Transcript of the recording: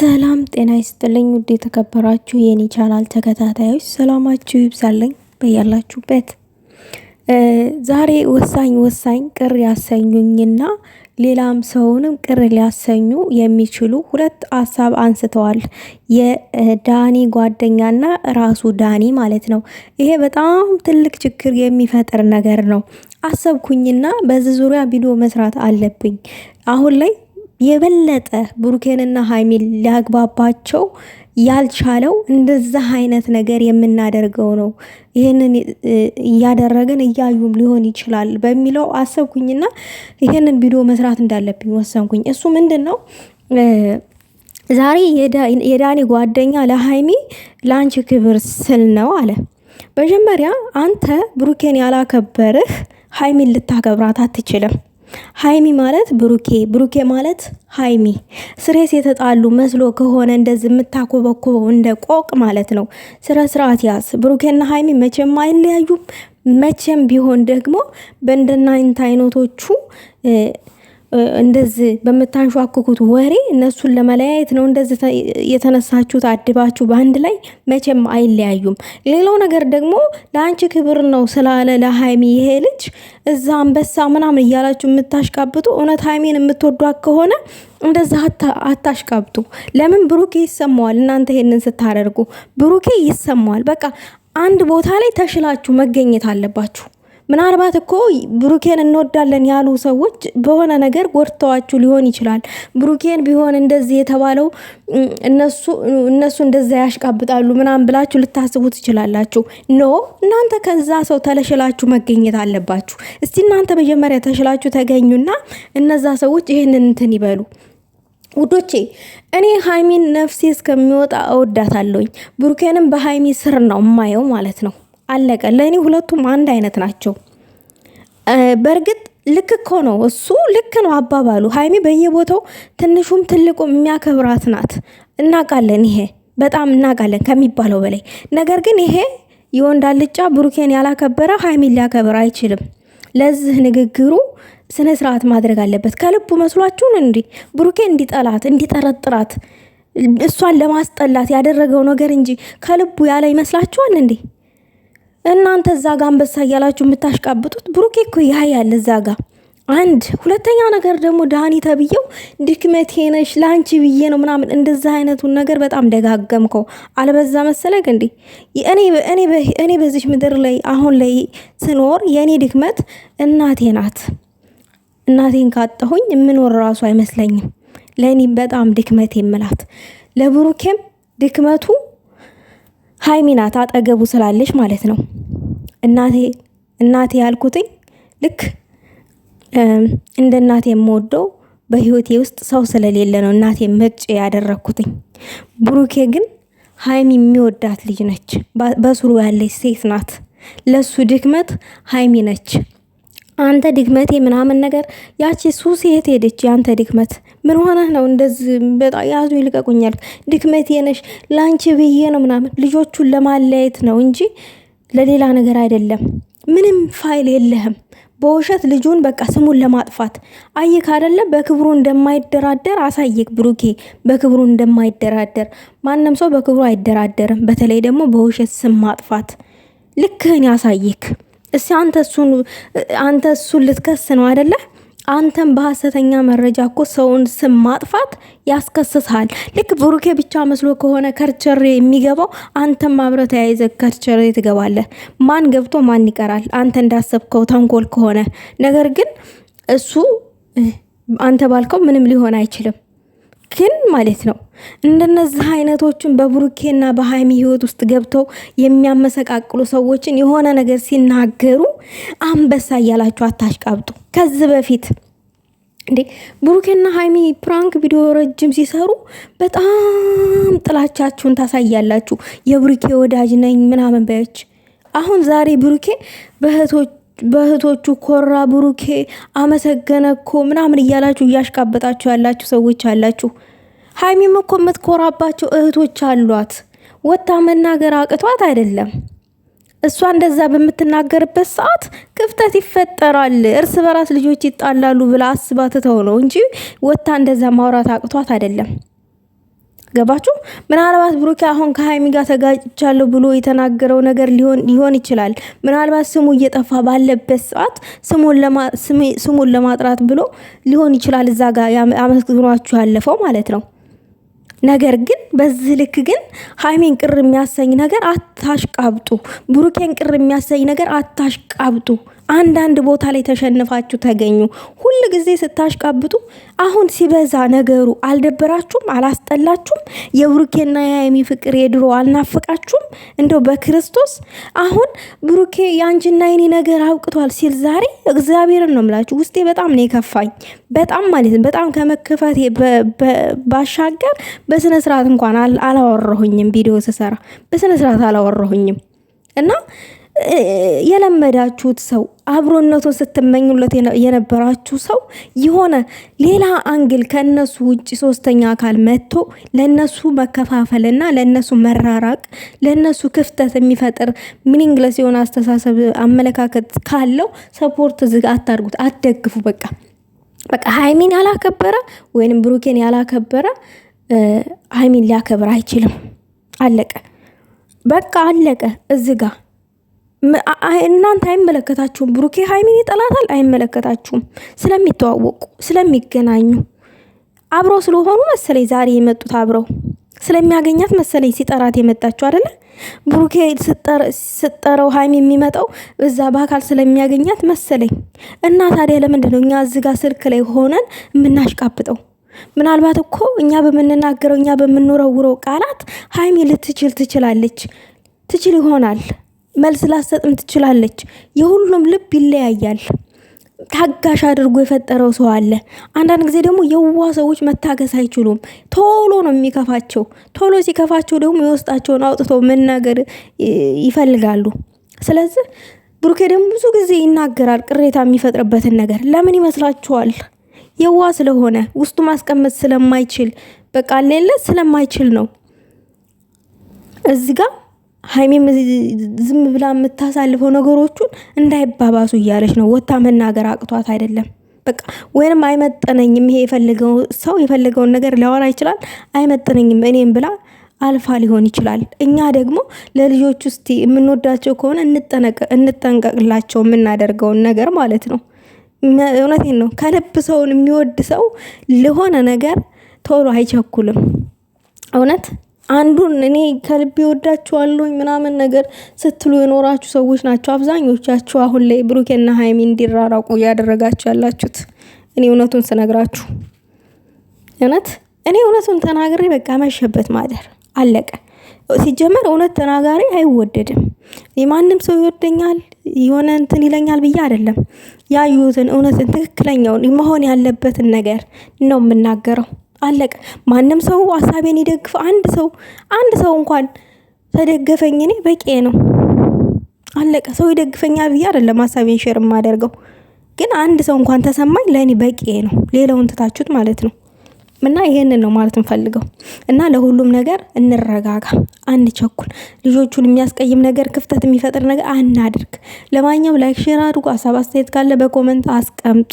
ሰላም ጤና ይስጥልኝ። ውድ የተከበራችሁ የኔ ቻናል ተከታታዮች ሰላማችሁ ይብዛልኝ በያላችሁበት። ዛሬ ወሳኝ ወሳኝ ቅር ያሰኙኝና ሌላም ሰውንም ቅር ሊያሰኙ የሚችሉ ሁለት ሀሳብ አንስተዋል። የዳኒ ጓደኛና ራሱ ዳኒ ማለት ነው። ይሄ በጣም ትልቅ ችግር የሚፈጥር ነገር ነው። አሰብኩኝና በዚህ ዙሪያ ቪዲዮ መስራት አለብኝ አሁን ላይ የበለጠ ብሩኬንና ሀይሚን ሊያግባባቸው ያልቻለው እንደዛ አይነት ነገር የምናደርገው ነው። ይህንን እያደረግን እያዩም ሊሆን ይችላል በሚለው አሰብኩኝና ይህንን ቪዲዮ መስራት እንዳለብኝ ወሰንኩኝ። እሱ ምንድን ነው ዛሬ የዳኒ ጓደኛ ለሀይሚ ለአንቺ ክብር ስል ነው አለ። መጀመሪያ አንተ ብሩኬን ያላከበርህ ሀይሚን ልታከብራት አትችልም። ሀይሚ ማለት ብሩኬ፣ ብሩኬ ማለት ሀይሚ። ስሬስ የተጣሉ መስሎ ከሆነ እንደዚ የምታኮበኮበው እንደ ቆቅ ማለት ነው። ስረ ስርዓት ያዝ። ብሩኬና ሀይሚ መቼም አይለያዩም። መቼም ቢሆን ደግሞ በእንደናይንት አይነቶቹ እንደዚህ በምታንሿክኩት ወሬ እነሱን ለመለያየት ነው እንደዚህ የተነሳችሁት። አድባችሁ በአንድ ላይ መቼም አይለያዩም። ሌላው ነገር ደግሞ ለአንቺ ክብር ነው ስላለ ለሀይሚ ይሄ ልጅ እዛ አንበሳ ምናምን እያላችሁ የምታሽቃብጡ እውነት ሀይሚን የምትወዷት ከሆነ እንደዛ አታሽቃብጡ። ለምን ብሩኬ ይሰማዋል። እናንተ ይሄንን ስታደርጉ ብሩኬ ይሰማዋል። በቃ አንድ ቦታ ላይ ተሽላችሁ መገኘት አለባችሁ። ምናልባት እኮ ብሩኬን እንወዳለን ያሉ ሰዎች በሆነ ነገር ጎድተዋችሁ ሊሆን ይችላል። ብሩኬን ቢሆን እንደዚህ የተባለው እነሱ እንደዛ ያሽቃብጣሉ ምናምን ብላችሁ ልታስቡ ትችላላችሁ። ኖ እናንተ ከዛ ሰው ተለሽላችሁ መገኘት አለባችሁ። እስቲ እናንተ መጀመሪያ ተሽላችሁ ተገኙና እነዛ ሰዎች ይህንን እንትን ይበሉ። ውዶቼ እኔ ሀይሚን ነፍሴ እስከሚወጣ እወዳታለሁኝ። ብሩኬንም በሀይሚ ስር ነው የማየው ማለት ነው። አለቀ። ለእኔ ሁለቱም አንድ አይነት ናቸው። በእርግጥ ልክ እኮ ነው፣ እሱ ልክ ነው አባባሉ። ሀይሚ በየቦታው ትንሹም ትልቁም የሚያከብራት ናት። እናቃለን፣ ይሄ በጣም እናቃለን ከሚባለው በላይ ነገር ግን ይሄ የወንድ አልጫ ብሩኬን ያላከበረ ሀይሚን ሊያከብር አይችልም። ለዚህ ንግግሩ ስነ ስርዓት ማድረግ አለበት። ከልቡ መስሏችሁን? እንዲ ብሩኬን እንዲጠላት እንዲጠረጥራት እሷን ለማስጠላት ያደረገው ነገር እንጂ ከልቡ ያለ ይመስላችኋል እንዴ? እናንተ እዛ ጋ አንበሳ እያላችሁ የምታሽቃብጡት ብሩኬ እኮ ያያል እዛ ጋ አንድ ሁለተኛ ነገር ደግሞ ዳኒ ተብዬው ድክመቴ ነሽ ለአንቺ ብዬ ነው ምናምን እንደዛ አይነቱን ነገር በጣም ደጋገምከው። አልበዛ መሰለክ እንዴ? እኔ በዚች ምድር ላይ አሁን ላይ ስኖር የእኔ ድክመት እናቴ ናት። እናቴን ካጠሁኝ የምኖር ራሱ አይመስለኝም። ለእኔም በጣም ድክመት የምላት ለብሩኬም ድክመቱ ሀይሚ ናት አጠገቡ ስላለች ማለት ነው። እናቴ እናቴ ያልኩትኝ ልክ እንደ እናቴ የምወደው በህይወቴ ውስጥ ሰው ስለሌለ ነው እናቴ ምርጭ ያደረግኩትኝ። ብሩኬ ግን ሀይሚ የሚወዳት ልጅ ነች። በስሩ ያለች ሴት ናት። ለሱ ድክመት ሀይሚ ነች። አንተ ድክመቴ ምናምን ነገር ያቺ ሱስ የት ሄደች? ያንተ ድክመት ምን ሆነህ ነው እንደዚህ በጣም ያዙ ይልቀቁኛል። ድክመቴ ነሽ ላንቺ ብዬ ነው ምናምን ልጆቹን ለማለያየት ነው እንጂ ለሌላ ነገር አይደለም። ምንም ፋይል የለህም። በውሸት ልጁን በቃ ስሙን ለማጥፋት አይክ አደለ። በክብሩ እንደማይደራደር አሳይክ ብሩኬ፣ በክብሩ እንደማይደራደር ማንም ሰው በክብሩ አይደራደርም። በተለይ ደግሞ በውሸት ስም ማጥፋት ልክህን ያሳየክ። እስ አንተ እሱን አንተ እሱን ልትከስ ነው አይደለ? አንተም በሀሰተኛ መረጃ እኮ ሰውን ስም ማጥፋት ያስከስሳል። ልክ ብሩኬ ብቻ መስሎ ከሆነ ከርቸሬ የሚገባው አንተም አብረ ተያይዘ ከርቸሬ ትገባለህ። ማን ገብቶ ማን ይቀራል? አንተ እንዳሰብከው ተንኮል ከሆነ ነገር ግን እሱ አንተ ባልከው ምንም ሊሆን አይችልም። ግን ማለት ነው እንደነዚህ አይነቶችን በብሩኬና በሀይሚ ህይወት ውስጥ ገብተው የሚያመሰቃቅሉ ሰዎችን የሆነ ነገር ሲናገሩ አንበሳ እያላችሁ አታሽቃብጡ። ከዚህ በፊት እንዴ ብሩኬና ሀይሚ ፕራንክ ቪዲዮ ረጅም ሲሰሩ በጣም ጥላቻችሁን ታሳያላችሁ። የብሩኬ ወዳጅ ነኝ ምናምን በች አሁን ዛሬ ብሩኬ በእህቶቹ ኮራ ብሩኬ አመሰገነ እኮ ምናምን እያላችሁ እያሽቃበጣችሁ ያላችሁ ሰዎች አላችሁ። ሀይሚም እኮ የምትኮራባቸው እህቶች አሏት። ወታ መናገር አቅቷት አይደለም። እሷ እንደዛ በምትናገርበት ሰዓት ክፍተት ይፈጠራል፣ እርስ በራስ ልጆች ይጣላሉ ብላ አስባ ትተው ነው እንጂ ወታ እንደዛ ማውራት አቅቷት አይደለም። ገባችሁ? ምናልባት ብሩኬ አሁን ከሀይሚ ጋር ተጋጭቻለሁ ብሎ የተናገረው ነገር ሊሆን ይችላል። ምናልባት ስሙ እየጠፋ ባለበት ሰዓት ስሙን ለማጥራት ብሎ ሊሆን ይችላል። እዛ ጋር አመስግኗችሁ ያለፈው ማለት ነው። ነገር ግን በዚህ ልክ ግን ሀይሜን ቅር የሚያሰኝ ነገር አታሽቃብጡ፣ ብሩኬን ቅር የሚያሰኝ ነገር አታሽቃብጡ። አንዳንድ ቦታ ላይ ተሸንፋችሁ ተገኙ። ሁል ጊዜ ስታሽቃብጡ አሁን ሲበዛ ነገሩ አልደበራችሁም? አላስጠላችሁም? የብሩኬና የሀይሚ ፍቅር የድሮ አልናፈቃችሁም? እንደው በክርስቶስ አሁን ብሩኬ የአንቺና የኔ ነገር አውቅቷል ሲል ዛሬ እግዚአብሔርን ነው ምላችሁ። ውስጤ በጣም ነው የከፋኝ። በጣም ማለት በጣም ከመከፋቴ ባሻገር በስነ ስርዓት እንኳን አላወራሁኝም። ቪዲዮ ስሰራ በስነ ስርዓት አላወራሁኝም እና የለመዳችሁት ሰው አብሮነቱን ስትመኙለት የነበራችሁ ሰው የሆነ ሌላ አንግል ከእነሱ ውጭ ሶስተኛ አካል መጥቶ ለእነሱ መከፋፈልና ለእነሱ መራራቅ ለእነሱ ክፍተት የሚፈጥር ሚኒንግለስ የሆነ አስተሳሰብ አመለካከት ካለው ሰፖርት ዝግ አታድርጉት፣ አትደግፉ። በቃ በቃ ሀይሚን ያላከበረ ወይንም ብሩኬን ያላከበረ ሀይሚን ሊያከብር አይችልም። አለቀ፣ በቃ አለቀ እዚህ ጋር እናንተ አይመለከታችሁም። ብሩኬ ሀይሚን ይጠላታል፣ አይመለከታችሁም። ስለሚተዋወቁ ስለሚገናኙ አብረው ስለሆኑ መሰለኝ ዛሬ የመጡት አብረው ስለሚያገኛት መሰለኝ ሲጠራት የመጣችው አደለ? ብሩኬ ስጠረው ሀይሚ የሚመጣው እዛ በአካል ስለሚያገኛት መሰለኝ። እና ታዲያ ለምንድን ነው እኛ እዚህ ስልክ ላይ ሆነን የምናሽቃብጠው? ምናልባት እኮ እኛ በምንናገረው እኛ በምንረውረው ቃላት ሀይሚ ልትችል ትችላለች፣ ትችል ይሆናል መልስ ላሰጥም ትችላለች። የሁሉም ልብ ይለያያል። ታጋሽ አድርጎ የፈጠረው ሰው አለ። አንዳንድ ጊዜ ደግሞ የዋ ሰዎች መታገስ አይችሉም። ቶሎ ነው የሚከፋቸው። ቶሎ ሲከፋቸው ደግሞ የውስጣቸውን አውጥተው መናገር ይፈልጋሉ። ስለዚህ ብሩኬ ደግሞ ብዙ ጊዜ ይናገራል ቅሬታ የሚፈጥርበትን ነገር። ለምን ይመስላችኋል? የዋ ስለሆነ ውስጡ ማስቀመጥ ስለማይችል በቃ ሌለ ስለማይችል ነው እዚህ ጋር ሀይሜም ዝም ብላ የምታሳልፈው ነገሮቹን እንዳይባባሱ እያለች ነው። ወታ መናገር አቅቷት አይደለም። በቃ ወይንም አይመጠነኝም፣ ይሄ የፈለገው ሰው የፈለገውን ነገር ሊያወራ ይችላል። አይመጠነኝም እኔም ብላ አልፋ ሊሆን ይችላል። እኛ ደግሞ ለልጆች ውስጥ የምንወዳቸው ከሆነ እንጠንቀቅላቸው፣ የምናደርገውን ነገር ማለት ነው። እውነቴን ነው። ከልብ ሰውን የሚወድ ሰው ለሆነ ነገር ቶሎ አይቸኩልም። እውነት አንዱን እኔ ከልቤ ወዳችኋለሁኝ ምናምን ነገር ስትሉ የኖራችሁ ሰዎች ናቸው አብዛኞቻችሁ አሁን ላይ ብሩኬና ሀይሚ እንዲራራቁ እያደረጋችሁ ያላችሁት። እኔ እውነቱን ስነግራችሁ እውነት እኔ እውነቱን ተናግሬ በቃ መሸበት ማደር አለቀ። ሲጀመር እውነት ተናጋሪ አይወደድም። የማንም ሰው ይወደኛል የሆነ እንትን ይለኛል ብዬ አይደለም። ያዩትን እውነትን ትክክለኛውን መሆን ያለበትን ነገር ነው የምናገረው። አለቀ። ማንም ሰው ሀሳቤን ይደግፍ። አንድ ሰው አንድ ሰው እንኳን ተደገፈኝ እኔ በቂ ነው። አለቀ። ሰው ይደግፈኛ ብዬ አይደለም ሀሳቤን ሼር የማደርገው፣ ግን አንድ ሰው እንኳን ተሰማኝ ለእኔ በቂ ነው። ሌላውን ትታችሁት ማለት ነው። እና ይሄንን ነው ማለት እንፈልገው እና ለሁሉም ነገር እንረጋጋ፣ አንቸኩል። ልጆቹን የሚያስቀይም ነገር ክፍተት የሚፈጥር ነገር አናድርግ። ለማንኛውም ላይክ፣ ሼር አድርጉ። ሀሳብ አስተያየት ካለ በኮመንት አስቀምጡ።